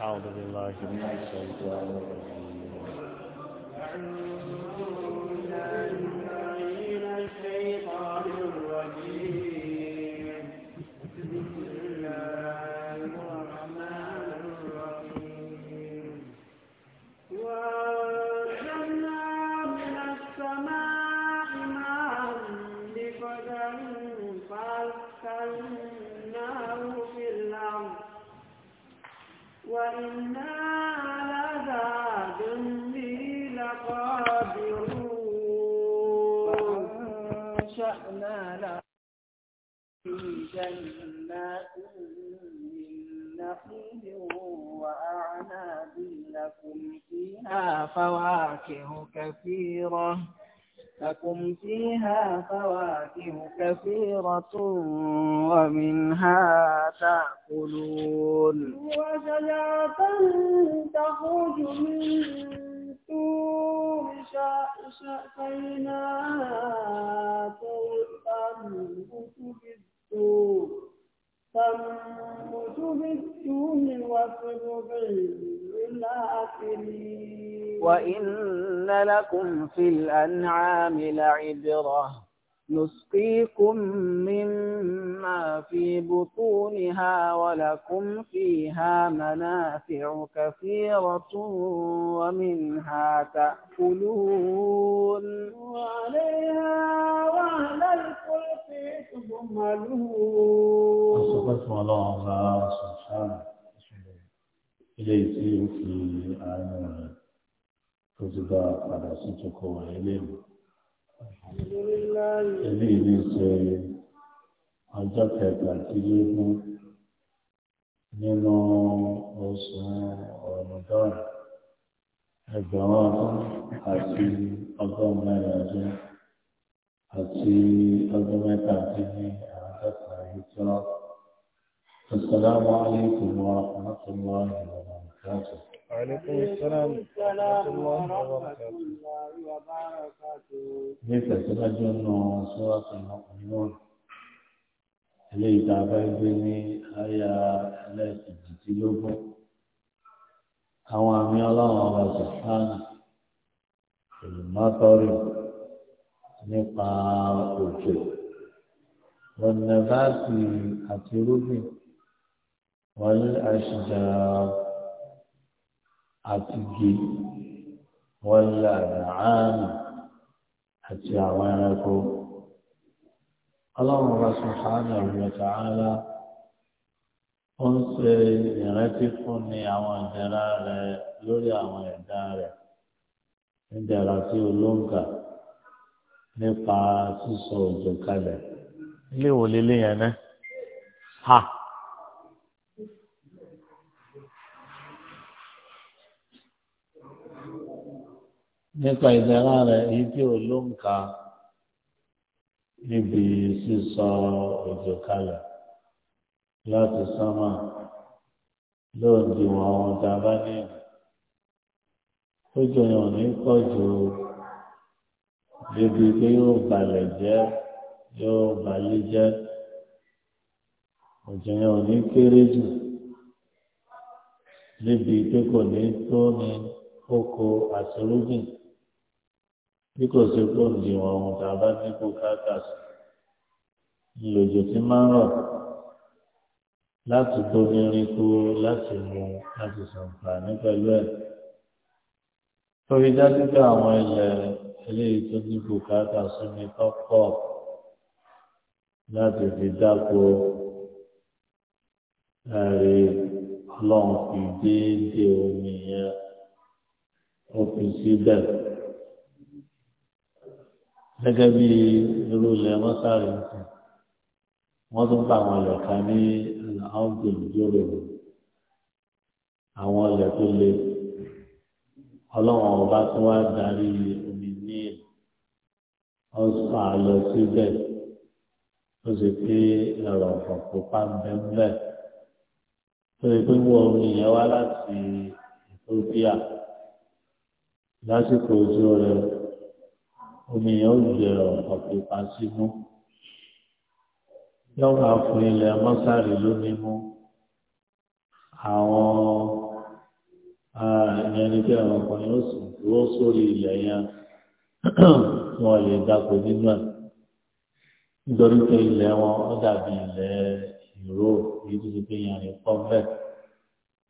أعوذ بالله من الشيطان الرجيم أعوذ بالله من الشيطان الرجيم جنات من نخيل وأعناب لكم فيها فواكه كثيرة لكم فيها فواكه كثيرة ومنها تأكلون وجنات تخرج من طول شأشأ تنبت وإن لكم في الأنعام لعبرة نسقيكم مما في بطونها ولكم فيها منافع كثيرة ومنها تأكلون وعليها وعلى الكل Àṣọ́pẹ́sùn ọlọ́run ọba ṣàṣàrà ilé tí ó fi ààrẹ rẹ̀ tó ti bá padà sí tókọ rẹ̀ léwu. Ilé ìlú ṣe ọjọ́ kẹtàdínlógún nínú oṣù ọ̀rọ̀dọ́rùn ẹgbẹ̀rún ọdún àti ọgọ́rùn-ún mẹ́rin ọdún àti ọdún mẹ́ta dín ní àádọ́ta ìjọ. Assalamu alaikum wa rahmatullahi wa barakatuh. Wa alaikum assalam wa rahmatullahi wa barakatuh. Ní ìtẹ̀síwájú náà sọ́wọ́sọ̀ ọ̀nà ilé ìta bá gbé ní àyà ẹlẹ́ẹ̀kejìdínlógún. Àwọn àmì ọlọ́run ọba Sùhánà, ìlú nípa òjò wọnẹbáàtì àti rúbìn wọn àṣìjà àti gè wọn làrá àmì àti àwọn ẹranko ọlọ́run bá sọ̀hánà ìrọ̀tà ààlà ó ń ṣe ìrántí fún ni àwọn ìdẹ̀ra rẹ̀ lórí àwọn ẹ̀dá rẹ̀ ìdẹ̀ra tí ó nípa sísọ òjò kalẹ̀ ilé ìwò lélẹ̀ yẹn ná ha. nípa ìdára rẹ̀ èyí tí ò ló ń ka níbi sísọ òjò kalẹ̀ láti sánmà lóòdì wọn àwọn tá a bá ní ìlú. ó jọyọ̀ ní pọ̀ ju débi pé yóò balẹ̀ jẹ́ yóò balẹ̀ jẹ́ òjò yẹn ò ní kéré jù níbi pé kò ní tó ní oko àtúrúgbìn bí kò sí kó ń dìwọ̀n ohun tá a bá ní kó káàkiri ìlòjò tí máa ń rọ̀ láti bomi rin kú láti mú láti sàǹfààní pẹ̀lú ẹ̀. tó dájú pé àwọn ilẹ̀ eléyìí tó ní bùkátà sómi tọ́pọ̀ láti fi dáko ẹ̀rí ọlọ́run fi déédéé omi yẹn ó fi síbẹ̀. gẹ́gẹ́ bí irú ilẹ̀ mọ́sálì ń sìn wọ́n tún pa àwọn ilẹ̀ kan ní alhamdul jóró àwọn ilẹ̀ tó le ọlọ́run ọba tó wá darí omi wọ́n sọ àlọ́ síbẹ̀ ó sì pé ẹ̀rọ ọ̀pọ̀pá bẹ́ẹ̀ tó yẹ pé wọ́n omi yẹn wá láti Ethiopia lásìkò ojú rẹ̀ omi yẹn ó jẹ ọ̀pọ̀pá símú lọ́wọ́ àfún ilẹ̀ mọ́sàrì ló ní mú àwọn ah, ẹni tí àwọn ọkùnrin ó sì dúró sórí ilẹ̀ yẹn tí wọ́n lè dáko nínú ẹ̀ nítorí pé ilẹ̀ wọn ó dàbí ilẹ̀ ìró èyí tó ti pé yàn lè pọ̀ bẹ́ẹ̀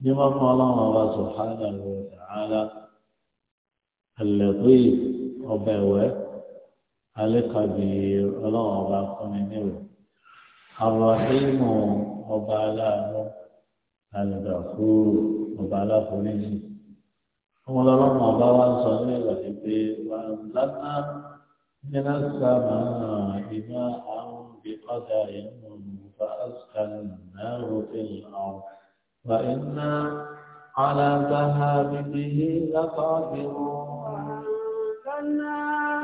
ní wọ́n fún ọlọ́run ọba subhanahu wa ta'ala àlẹ́kùn ọba ẹ̀wẹ́ alẹ́kàbí ọlọ́run ọba fúnni níwò àrùn ọba aláàánú àlùdàkú ọba aláforíjì. هم لا لهم صغيرة وأنزلنا من السماء ماء بقدر فأسكناه في الأرض وإنا على ذهاب به لقادرون وأنزلنا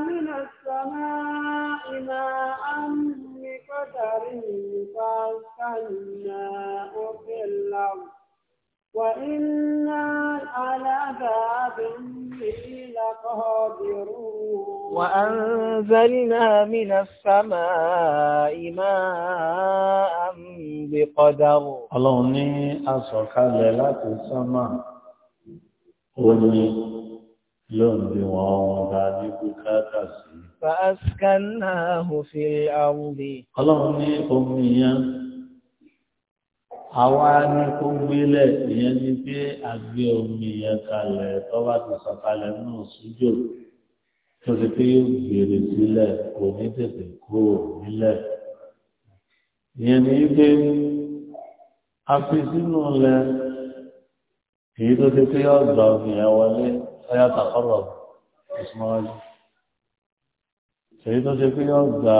من السماء ماء بقدر فأسكناه في الأرض وإنا على باب لقادرون وأنزلنا من السماء ماء بقدر اللهم أصحك لك السماء قولي لون بواو داني بكاتاسي فأسكناه في الأرض اللهم أمي àwa ni kó gbélé ìyẹn ni pé àgbé omi yẹn kalẹ̀ tó bá ti sọ̀kalẹ̀ náà sójò tó ti pé yóò gbèrè sílẹ̀ kò ní tètè kó nílẹ̀ ìyẹn ni pé a fi sínú lẹ èyí tó ti pé ọgbà omi yẹn wọlé ọyá tàkọrọ ìsúnmọ́wájú èyí tó ti pé ọgbà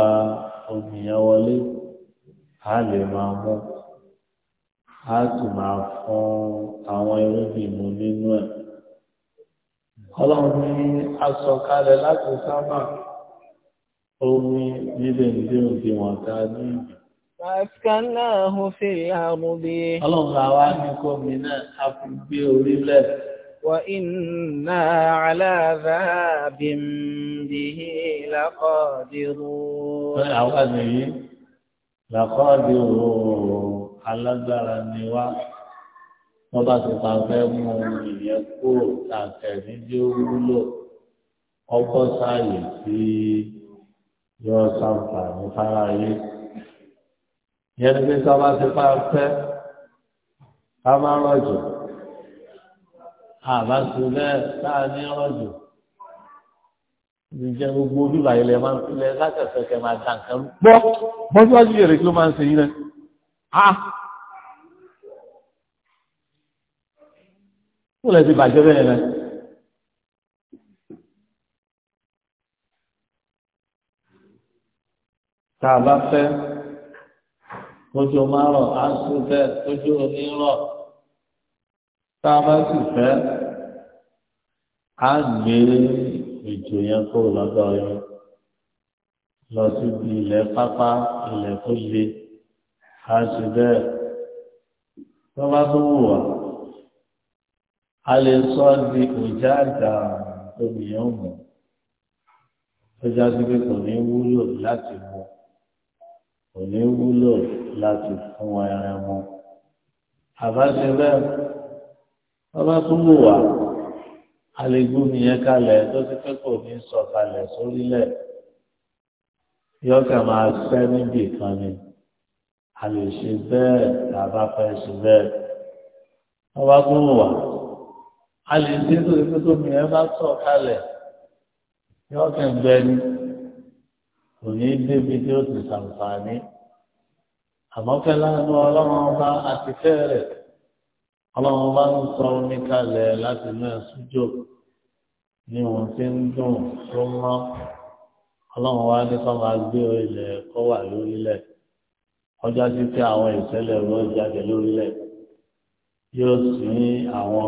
omi yẹn wọlé a lè máa mú á sì máa fún àwọn irúgbìn mu nínú ẹ̀. ọlọ́run ní asọ̀kalẹ̀ láti sábà omi níbẹ̀ ní òbí wọn ta ní ìgbà. Àṣìkánáhù fi àmúbi. Ọlọ́run làwa ní kómi náà a fi gbé orílẹ̀. Wa inna ala dhahabin bihi laqadirun. Àwọn àmì yìí laqadirun alágbára ni wá wọ́n bá ti pa fẹ́ mú ohun ìyẹn kúrò tàkẹ́ níbi ó wúlò ọkọ̀ sáàyè sí yọ sàǹfààní fara yé ìyẹn ní pé tí wọ́n bá ti pa fẹ́ ká má rọ̀jò àbá sí bẹ́ẹ̀ táà ní rọ̀jò ìjẹ gbogbo olúwa ilẹ̀ máa ń filẹ̀ lákẹ̀sẹ̀kẹ̀ máa dà nǹkan gbọ́ bọ́jú wájú yẹ̀rẹ̀ kí ló máa ń ṣe náà ha kó lè ti bàjẹ́ bẹ́ẹ̀ náà. tá a bá fẹ́ kójú máa rọ̀ á sún bẹ́ẹ̀ kójú omi rọ̀ tá a bá sì fẹ́ á gbé ìjò yẹn kó lọ́dọ̀ yẹn lọ síbi ilẹ̀ pápá ilẹ̀ tó le a sì bẹ́ẹ̀ tó bá tó wù wá a lè sọ di òjá àgbà obìnrin mọ̀ tó já sí pé kò ní wúlò láti mọ̀ kò ní wúlò láti fún ẹran wọn àbá bẹ́ẹ̀ tó bá tó wù wá kalẹ̀ tó ti pé kò ní sọ̀kalẹ̀ sórílẹ̀ yọkà máa sẹ́ níbì kan a lè ṣe bẹ́ẹ̀ tàbá fẹ́ ṣe bẹ́ẹ̀ wọ́n bá tó wà a lè ṣe tó ṣe tó mi ẹ bá sọ̀ kalẹ̀ yọ kẹ̀ǹgbẹ́ ni kò ní débi tí ó ti ṣàǹfààní àmọ́ fẹ́ lánàá ọlọ́run ọba àti fẹ́ ọlọ́run ọba ń sọ omi kalẹ̀ láti inú ẹ̀sùn jò ní ti ń dùn tó mọ́ ọlọ́run wa ní kọ́ máa gbé ilẹ̀ kọ́ wà lórílẹ̀ ọjọ́ sí pé àwọn ìṣẹ̀lẹ̀ rọ jáde lórílẹ̀ yóò sì ní àwọn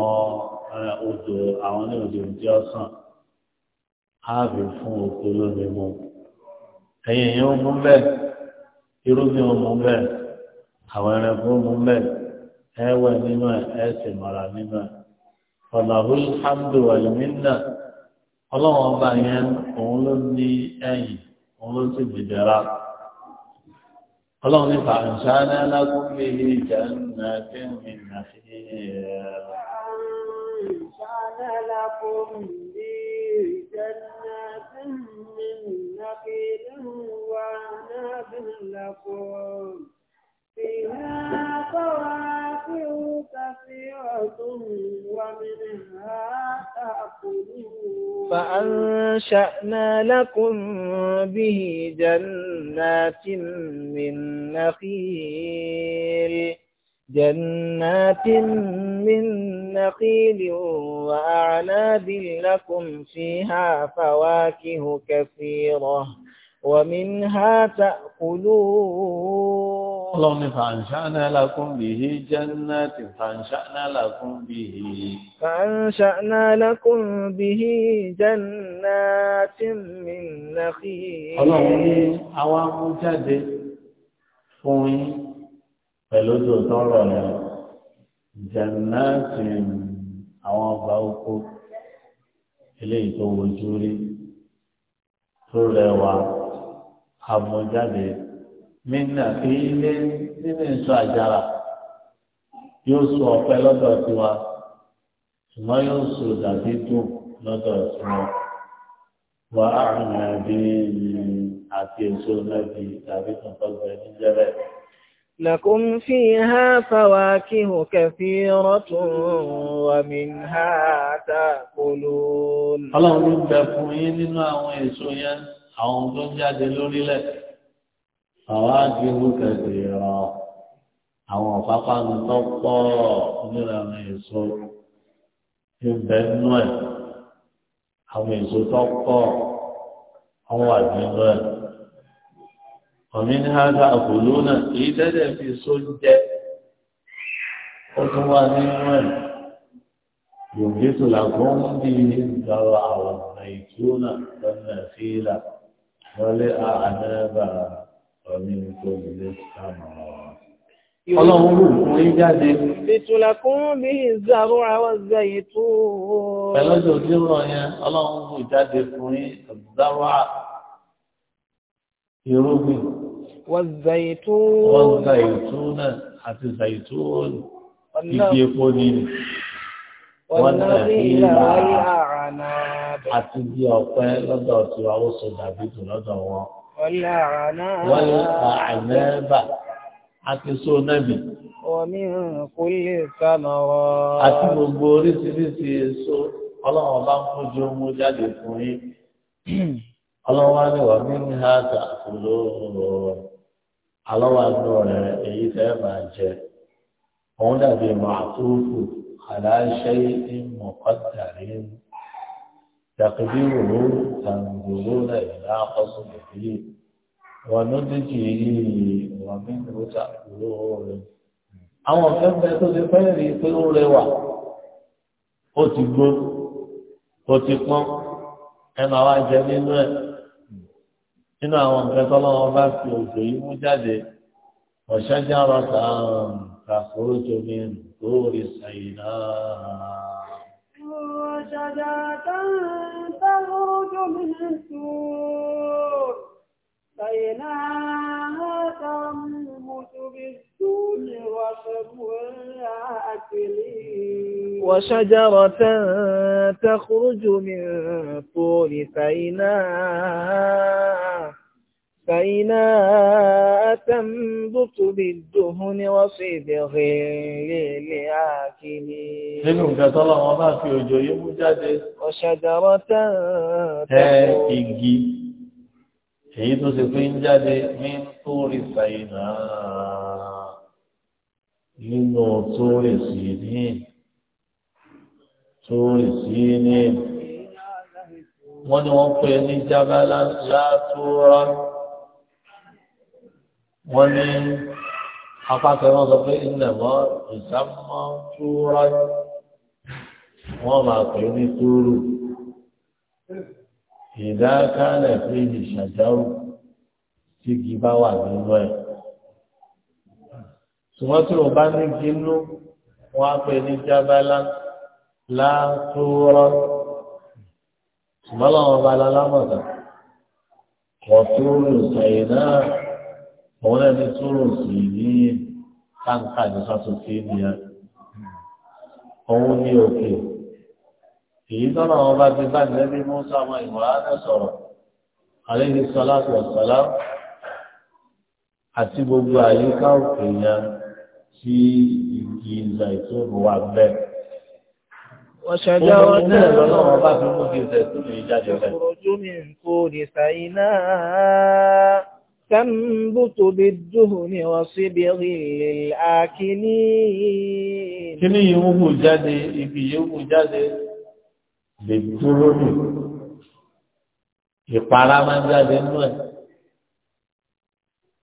odò àwọn ní odò ìdí ọ̀sán ààbò fún oko lómi mu ẹ̀yìn yìí ó mú bẹ́ẹ̀ irúgbìn ó mú bẹ́ẹ̀ àwọn ẹranko ó mú bẹ́ẹ̀ ẹ wẹ̀ nínú ẹ̀ ẹ sì mọ̀ra nínú ẹ̀ ọ̀làhùn hamdu wàlúmínà ọlọ́wọ́n ọba yẹn òun ló ní ẹ̀yìn òun ló sì gbìdẹ̀ra. اللهم انفع انساننا كل من جنات من من نخيل وعناب لكم فيها فواكه كثيرة ومنها تأكلون فأنشأنا لكم به جنات من نخيل جنات من نخيل وأعناب لكم فيها فواكه كثيرة ومنها تأكلون ọlọ́run ní fàǹṣánà lákún bí i jẹ́nàtì fàǹṣánà lákún bí i fàǹṣánà lákún bí i jẹ́nàtì mìnàkì ọlọ́run ní àwọn amújáde fún yín pẹ̀lú tó tọrọ rẹ̀ jẹ́nàtì àwọn ọba oko eléyìí tó rí tó rẹwà amújáde mínà fi ilé nínú ìsọ àjàrà yóò sọ ọ̀pẹ lọ́dọ̀ tiwa ṣùgbọ́n yóò sọ dàbí dùn lọ́dọ̀ tiwọn wà á rìn àbí àti èso lẹ́bi tàbí tuntun gbẹ níjẹ́rẹ́. لكم فيها فواكه كثيرة ومنها تأكلون. الله ń bẹ fún yín nínú àwọn èso yẹn, fàwájú kẹsìrọ àwọn ọ̀pápánu tó pọ̀ nílànà èso ibẹ̀ nínú ẹ̀ àwọn èso tó pọ̀ ọwọ́ àdínú ẹ̀ ọ̀mínú hágá àkùlù náà èyí tẹ́lẹ̀ fi so jẹ́ ó tún wá nínú ẹ̀ yòókè tó làgbọ́n ń bí Ọlọ́run rù fún yí jáde. Ìtùlà kún bí ìzàrú àwọn zẹ̀yìn tó. Pẹ̀lọ́jọ́ tí ó rọ̀ yẹn, ọlọ́run rù jáde fún yí ìzàrú ìrúgbìn. Wọ́n zẹ̀yìn náà àti zẹ̀yìn tó ìdí epo ní. Wọ́n náà ní àti bí ọ̀pẹ lọ́dọ̀ tí wọ́n ó so dàbí tù lọ́dọ̀ wọn wọ́n ànábà àti só nábì. Àti gbogbo oríṣiríṣi èso ọlọ́wọ́ bá ń kójú mú jáde fún yín. Ọlọ́wọ́ ni wà ní ní àtà ló alọ́wọ́ àánú rẹ̀ èyí tẹ́ máa jẹ. Òun dàbí màtúfù aláṣẹ ìmọ̀kọ́tàrí. Dàkúbí wò ó تناقص به ونضجه ومنه تأكلون àwọn kan bẹ tó ti fẹ́ rí pé ó rẹwà ó ti gbó ó ti pọ́n ẹ máa wá jẹ nínú ẹ̀ nínú àwọn nǹkan tó lọ́wọ́ bá fi òjò yìí mú jáde ọ̀ṣájà rọ̀tà kàkóró jomi lórí sàyìn náà. ọ̀ṣájà tán. تخرج من السور بينها تنبت بالسور وشجرة تخرج من طول سيناء فإذا أتنبط بالدهن وصبغ للآكلين nínú nǹkan tọ́lọ̀ wọn bá fi òjò yé mú jáde ọ̀ṣàdàrọ̀ tán tẹ́ igi èyí tó sì fi ń jáde ní tóórì sàyìnà nínú tóórì sí ní tóórì sí ní wọ́n ní wọ́n pè ní jábálá látúrọ́ wọ́n ní apákan wọn sọ pé ìnàmọ́ ìsámọ́ túrọ́ wọ́n máa pè ní túrù ìdákálẹ̀ pé ìṣàjáwò tí igi bá wà nínú ẹ̀ ṣùgbọ́n tí o bá ní gínú wọ́n á pè ní jábálá látúrọ́ ṣùgbọ́n làwọn ọba alálámọ̀tà wọ́n tó náà òun náà ní túrò sí ní táǹkà ní sátúntì nìyẹn òun ní òkè èyí tọ́nà wọn bá ti bá nẹ́bí musa ọmọ ìmọ̀láńdẹ́ sọ̀rọ̀ àléhi sọláàtì ọ̀sọ̀lá àti gbogbo àyíká òkè yẹn tí igi ìlà ìtòrò wà bẹ́ẹ̀. وشجرة تخرج من كل سيناء تنبت بالدهن وصبغ للآكلين kíní yòówù jáde ibi yòówù jáde lè dúró nù ìpara máa ń jáde nù ẹ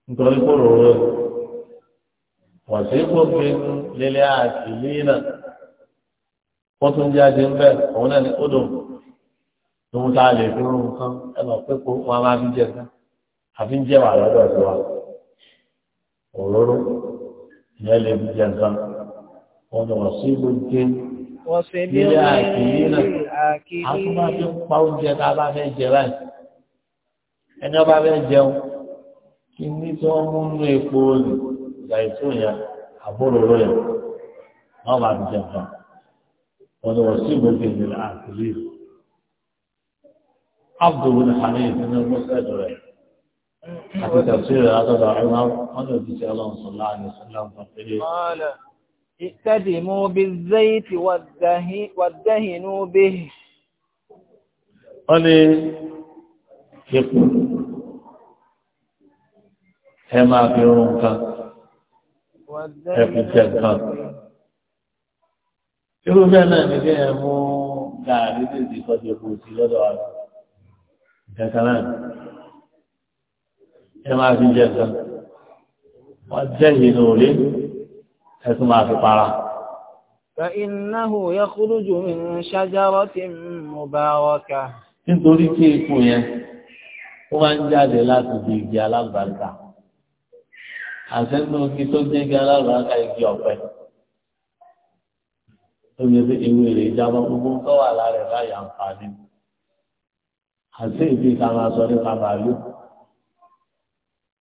nítorí kó rọrọ ẹ wọ́n sì kó fi lílé àkìlí náà wọ́n tún jáde ń bẹ̀ òun náà ní kódò lóhun tá a lè fi rún nǹkan ẹ lọ pé kó wọn máa fi jẹ nǹkan àfi ń jẹ́ wà lọ́dọ̀ tó wa òróró ìyẹn lè fi jẹ nǹkan wọn ni wọ́n sí lóde nílé àkìlí náà a tún bá fi ń pa oúnjẹ tá a bá fẹ́ jẹ báyìí ẹni ọba fẹ́ jẹun kí ní tí wọ́n mú nú epo olù ìgbà ètò yẹn àbúròró yẹn wọ́n máa fi jẹ nǹkan wọn ni wọ́n sí lóde nílé àkìlí. عبد بن حميد من المسجد حتى تفسير هذا العمر قال النبي صلى الله عليه وسلم قال اقتدموا بالزيت والدهنوا به قال يقول هما في رمك هما في رمك يقول بأن نبيه مو قاعدة في قد يقول سيلا دعا كان ẹ máa fi jẹ sọ wọ́n jẹ́ ìlú òlé ẹ̀sùn máa fi para. فإنه يخرج من شجرة مباركة nítorí kí ikú yẹn ó máa ń jáde láti di igi alábàárìkà àtẹnu igi tó jẹ́ igi alábàárìkà igi ọ̀pẹ ó yẹ pé ewé rẹ̀ jábọ́ gbogbo tó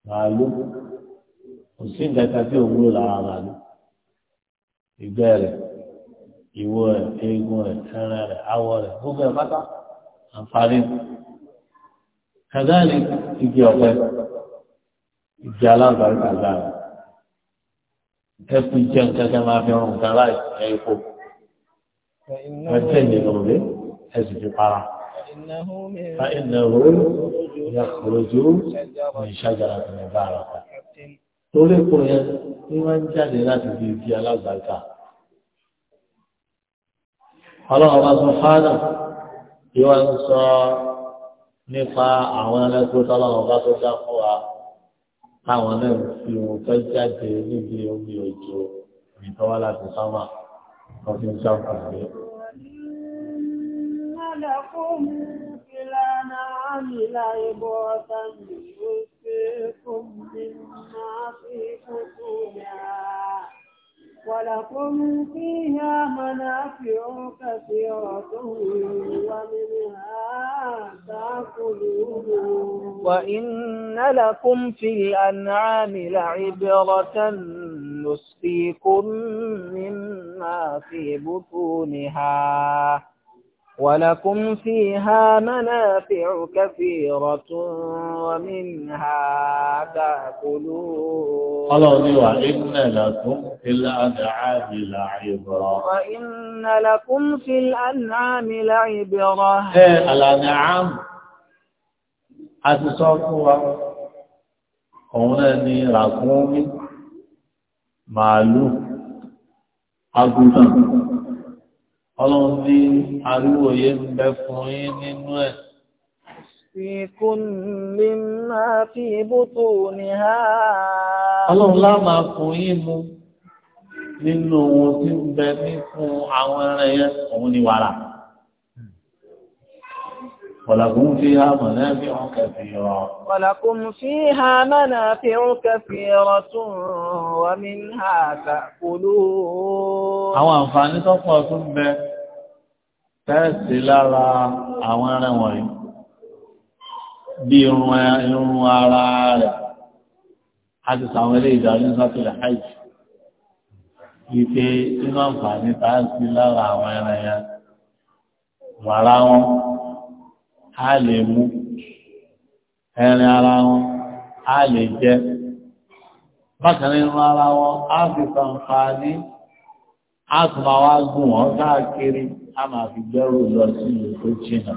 màálù kò sí nǹkan kan tí òwúrò lára màálù ìgbẹ́ rẹ̀ ìwo rẹ̀ eegun rẹ̀ ẹran rẹ̀ awọ rẹ̀ gbogbo ẹ̀ pátá àǹfààní kàdáàlì igi ọ̀pẹ igi alábàárìkà lára ẹkùn jẹ́ nǹkan kan máa fi ọrùn kan láì ẹ̀kọ́ ẹ̀tẹ̀ nínú rẹ̀ ẹ̀sìn fi para. فإنه يخرج من شجرة مباركة torí kò yẹn ní wọ́n ń jáde láti bí ibi alágbàtà ọlọ́ọ̀bá sọ fádà yíwá ń sọ nípa àwọn ẹlẹ́gbẹ́ta ọlọ́ọ̀bá tó dá fún wa táwọn náà fi ohun tó jáde níbi omi òjò ìtọ́wá láti sámà ọdún sáfà rèé لكم في الأنعام لعبرة يسقيكم مما في بطونها ولكم فيها منافع كثيرة ومنها تأكلون وإن لكم في الأنعام لعبرة نسقيكم مما في بطونها ولكم فيها منافع كثيرة ومنها تأكلون الله وإن لكم في الأنعام لعبرة وإن لكم في الأنعام لعبرة إيه الأنعام أتصرفوا هنا ني رقومي معلوم أقول ọlọ́run ní àríwòye ń bẹ fún yín nínú ẹ̀. Ìkúnlé máa fi bótó ní ha. Ọlọ́run lá fún yín mu nínú ohun tí ń bẹ ní fún àwọn ẹran yẹn, òun ni wàrà. ولكم فيها منافع كثيرة ولكم فيها منافع كثيرة ومنها تأكلون àwọn àǹfààní tó pọ̀ tún bẹ tẹ́ẹ̀sì lára àwọn ẹran wọ̀nyí bí irun ara rẹ̀ àti sàwọn ilé ìdájú sátìlẹ̀ hajj wípé inú àǹfààní tẹ́ẹ̀sì lára àwọn ẹran yẹn wàrà wọn a lè mú ẹ̀rin ara wọn a lè jẹ bákan nínú ara wọn a fi fàǹfààní a tún máa wá gùn wọn káàkiri a máa fi gbẹ́rù lọ sí ìlú tó jìnnà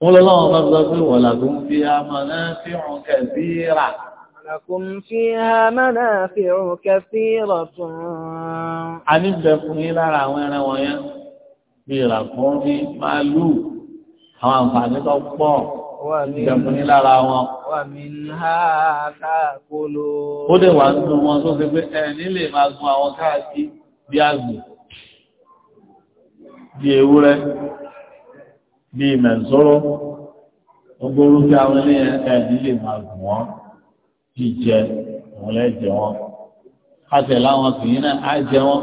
wọ́n lọ lọ́wọ́ bá sọ pé wọ̀là tó ń fi àmọ́ náà fi hàn kẹ̀sí rà. Àkùn fi àmọ́ náà fi hàn kẹ̀sí rọ̀ tún. A níbẹ̀ fún yín lára àwọn ẹran wọ̀nyẹn bí ràkúnmí màálù àwọn àǹfààní tó pọ̀ ìjọ̀kùnrin lára wọn. Ó dẹ̀ wà nínú wọn tó fi pé ẹni lè máa gun àwọn káàkiri bí àgbò, bí ewúrẹ́, bí mẹ̀sọ́rọ́, gbogbo orúkẹ àwọn ilé ẹni lè máa gùn wọn jíjẹ òun lẹ́jẹ wọn. Kásẹ̀ láwọn kìí náà á jẹ wọn,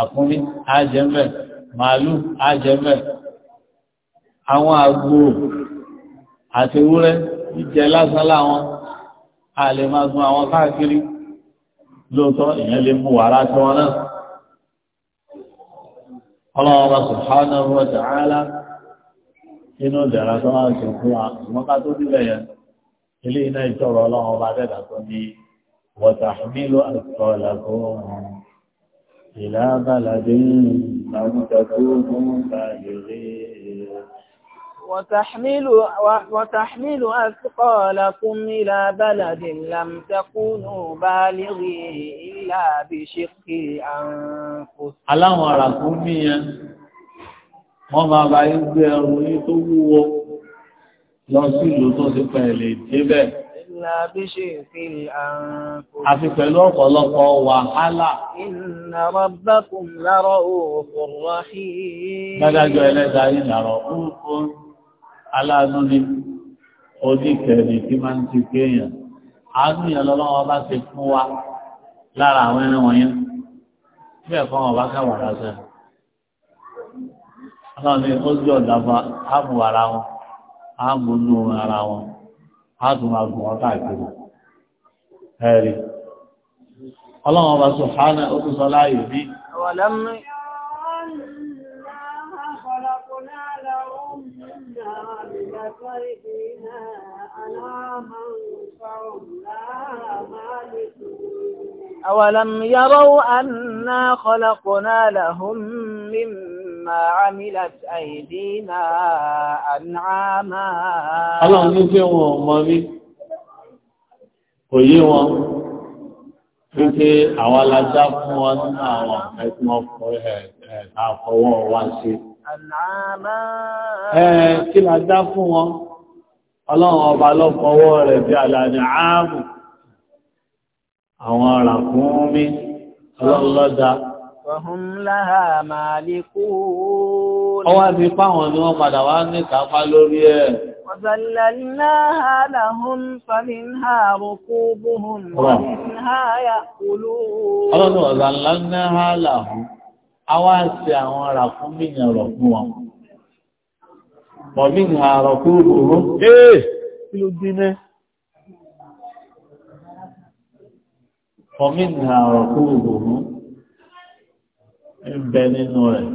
àkúnmí á jẹ mẹ́, màálù á jẹ mẹ́, àwọn àgbò àti ewúrẹ́ ìjẹ lásán láwọn a lè máa gun àwọn káàkiri lóòótọ́ ìyẹn lè mú wàrà tí wọn náà ọlọ́wọ́ subhanahu wa ta'ala inú ìdẹ̀ra tó máa ṣe fún wa ṣùgbọ́n ká tó nílẹ̀ yẹn ilé iná ìṣòro ọlọ́wọ́ bá dẹ̀dà tó ní wa tahmilu athqalakum ila baladin lam takunu balighin وتحمل, وتحمل أثقالكم إلى بلد لم تكونوا بالغيه إلا بشق أنفسكم Aláwọn ọ̀rà fún mí yẹn, wọ́n máa bá yí gbé ẹrù yí tó wúwo lọ sí ìlú tó ti pẹ̀lẹ̀ débẹ̀. Àfi pẹ̀lú ọ̀pọ̀lọpọ̀ wàhálà. Inna rabbakum lárọ̀ òòrùn rọ̀hìn. Dájájọ́ ẹlẹ́dàá yìí lárọ̀ òòrùn. aláàánú ni oníkẹ̀ẹ́lì tí máa ń ti pé èèyàn àánú bá ti fún lára àwọn ẹran wọ̀nyẹn tí ẹ̀kọ́ wọn bá ara wọn ara wọn ọba قيدنا على أولم يروا أنا خلقنا لهم مما عملت أيدينا أنعاما الله نجيه ومامي ويجيه ومامي wípé àwọn alájá fún wọn nínú àwọn Ẹ̀ẹ́ kí la dá fún wọn, ọlọ́run ọba lọ́fọwọ́ rẹ̀ bí àlàní ààbù, àwọn ara fún mi, ọlọ́lọ́dá. Wọ̀hún láhà máa lè kú. Ọwá ti páwọn ni wọ́n padà wá ní kápá lórí ẹ̀. وَذَلَّلْنَاهَا لَهُمْ فَمِنْهَا رُكُوبُهُمْ وَمِنْهَا يَأْكُلُونَ àwa ṣe àwọn ara fún míyàn rọ̀ fún wọn. Mọ̀mí ń àrọ̀ kúrò òru. Ee! Kí ló dín náà? Mọ̀mí ń àrọ̀ kúrò òru. Ń bẹ nínú rẹ̀.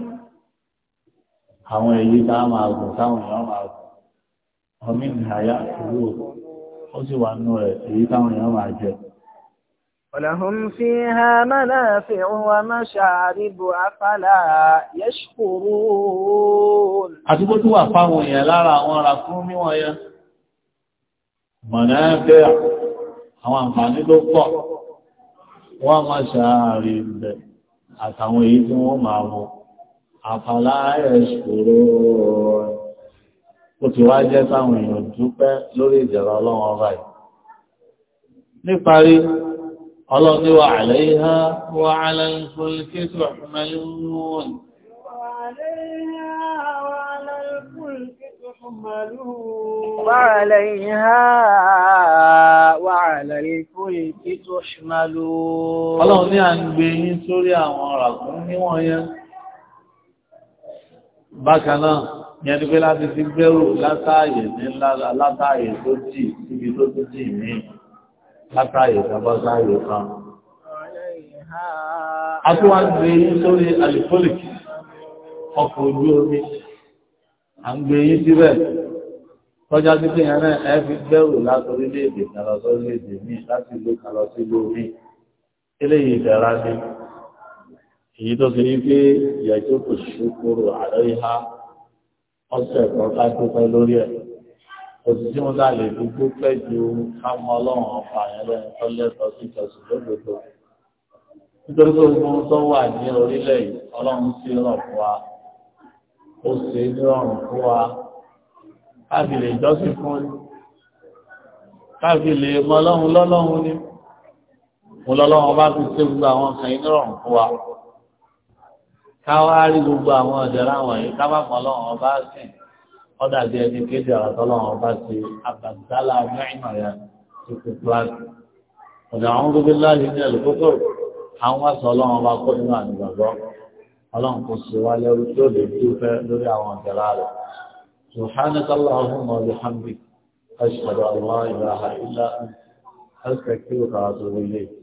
Àwọn èyí tá a máa gùn táwọn èèyàn máa gùn. Mọ̀mí ń àyà kúrò. Ó sì wà nínú rẹ̀ èyí táwọn èèyàn máa jẹ. ولهم فيها منافع ومشارب أفلا يشكرون àtúgbò tó wà fáwọn èèyàn lára àwọn ara fún míwọ̀n yẹn mọ̀nàáfẹ́ àwọn àǹfààní ló pọ̀ wọ́n máa ṣàárì ìbẹ̀ àtàwọn èyí tí wọ́n máa mọ̀ àfàlà ẹ̀ṣòro ó ti wá jẹ́ sáwọn èèyàn dúpẹ́ lórí ìjẹ̀rọ ọlọ́run ọba yìí níparí ọlọ́ni wà àlẹ́yà wà alẹ́kùnlé tó ṣùmọ̀lúwọ̀n Ọlọ́run ní à ń gbé yín sórí àwọn ọ̀ràkún níwọ̀n yẹn. Bákanáà, yẹn ni pé láti fi gbẹ́rù látààyè ní látààyè tó jì síbi tó tó jì mìí látàyè sábọ́ sáyè kan. A tún wá ń gbé yín sórí àlìfólìkì ọkọ̀ ojú omi. À ń gbé yín síbẹ̀. Tọ́já títí yẹn náà ẹ fi gbẹ́rù láti orílẹ̀-èdè kan lọ sí orílẹ̀-èdè míì láti ìlú kan sí ìlú omi. Eléyìí ìdára ni. Èyí tó fi ní pé ìyàjọ́ kò ṣúkúrò àdáyé ọ̀sẹ̀ kan ká dúpẹ́ lórí ẹ̀ òṣìṣẹ́ wọn láàlè gbogbo pẹ́ ju káwọn ọlọ́run ọ̀fà yẹn lẹ́nu tó sí ìjọsìn lódodo nítorí pé gbogbo tó wà ní orílẹ̀ yìí ọlọ́run sí rọ̀ fún wa ó ṣe é nírọ̀rùn fún wa káàbì lè jọ́sìn fún ni káàbì lè mọ ọlọ́run lọ́lọ́run ni mo lọ́lọ́run bá fi ṣe gbogbo àwọn kan yìí nírọ̀rùn fún wa káwá rí gbogbo àwọn ọ̀dẹ̀rẹ̀ àwọn yìí ká bá mọ ọlọ́run ọba sìn ọ̀dà bí ẹni kéde ọ̀rọ̀ tọ́lọ́wọ́n bá ti àbàdálà mẹ́rìnmà rẹ̀ ti kú píláàtì. ọ̀dà àwọn gbogbo láàyè ní ẹ̀lùkókò àwọn aṣọ ọlọ́wọ́n bá kó nínú àdìgbàgbọ́ ọlọ́run kò sí wá lẹ́rú tó lè dúpẹ́ lórí àwọn ọ̀dẹ̀lá rẹ̀. سبحانك اللهم وبحمدك أشهد أن لا إله إلا أنت أستغفرك وأتوب إليك